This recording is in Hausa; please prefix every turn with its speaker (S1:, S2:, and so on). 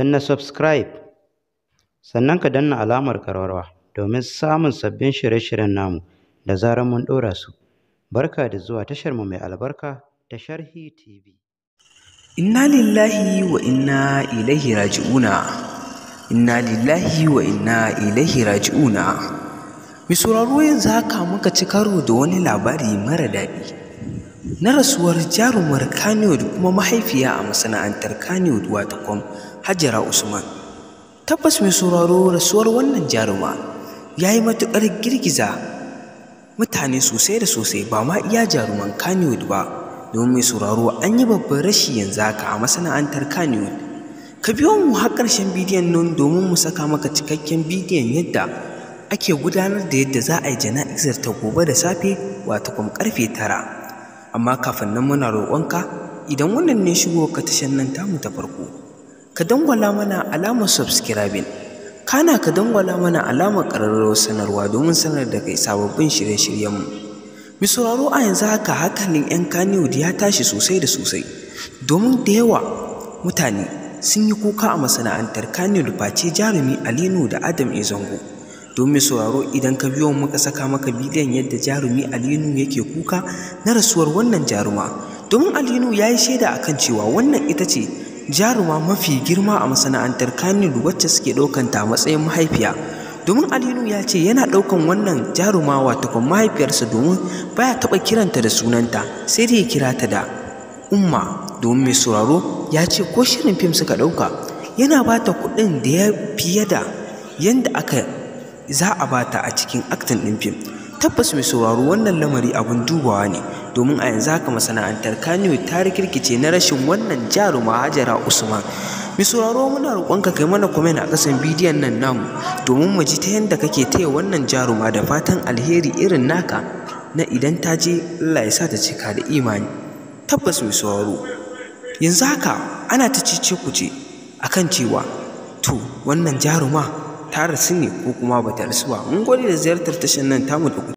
S1: na subscribe sannan ka danna alamar karwarwa domin samun sabbin shirye-shiryen namu da zarar mun ɗora su barka da zuwa tashar mu mai albarka ta sharhi tv inna lillahi wa inna ilaihi raji'una inna lillahi wa inna ilaihi raji'una mi sauraro yanzu haka muka ci karo da wani labari mara daɗi na rasuwar jarumar kaniwood kuma mahaifiya a masana'antar kaniwood wata hajara usman tabbas mai sauraro rasuwar wannan jaruma ya yi matuƙar girgiza mutane sosai da sosai ba ma iya jaruman kaniwood ba domin mai sauraro an yi babban rashi yanzu haka a masana'antar kaniwood ka biyo mu har ƙarshen bidiyon nan domin mu saka maka cikakken bidiyon yadda ake gudanar da yadda za a yi jana'izar ta gobe da safe wata kuma ƙarfe tara amma kafin nan muna roƙonka idan wannan ne shigo ka tashan nan tamu ta farko ka dangwala mana alamar subscribing kana ka dangwala mana alamar ƙararrawar sanarwa domin sanar da kai sababbin shirye-shiryenmu mu sauraro a yanzu haka hankalin 'yan kaniwood ya tashi sosai da sosai domin da yawa mutane sun yi kuka a masana'antar kaniwood face jarumi alinu da adam izango domin sauraro idan ka biyo muka saka maka bidiyon yadda jarumi alinu yake kuka na rasuwar wannan jaruma domin alinu ya yi shaida akan cewa wannan ita ce jaruma mafi girma a masana'antar kanil wacce suke ɗaukan ta matsayin mahaifiya domin alinu ya ce yana ɗaukan wannan jaruma watakon mahaifiyarsa domin baya taɓa kiranta da sunanta sai dai ya kira ta da umma domin mai sauraro ya ce ko shirin fim suka ɗauka yana ba ta kuɗin da ya fiye da yadda aka za a bata a cikin aktin ɗin fim tabbas mai sauraro wannan lamari abin dubawa ne domin a yanzu haka masana'antar kano ta rikirkice na rashin wannan jaruma hajara usman mi sauraro muna roƙonka kai mana kwamen a ƙasan bidiyon nan namu domin mu ji ta yadda kake taya wannan jaruma da fatan alheri irin naka na idan ta je Allah ya sa ta cika da imani tabbas mai sauraro yanzu haka ana ta cece kuce akan cewa to wannan jaruma ta rasu ne ko kuma ba ta rasu ba mun gode da ziyartar tashar nan tamu da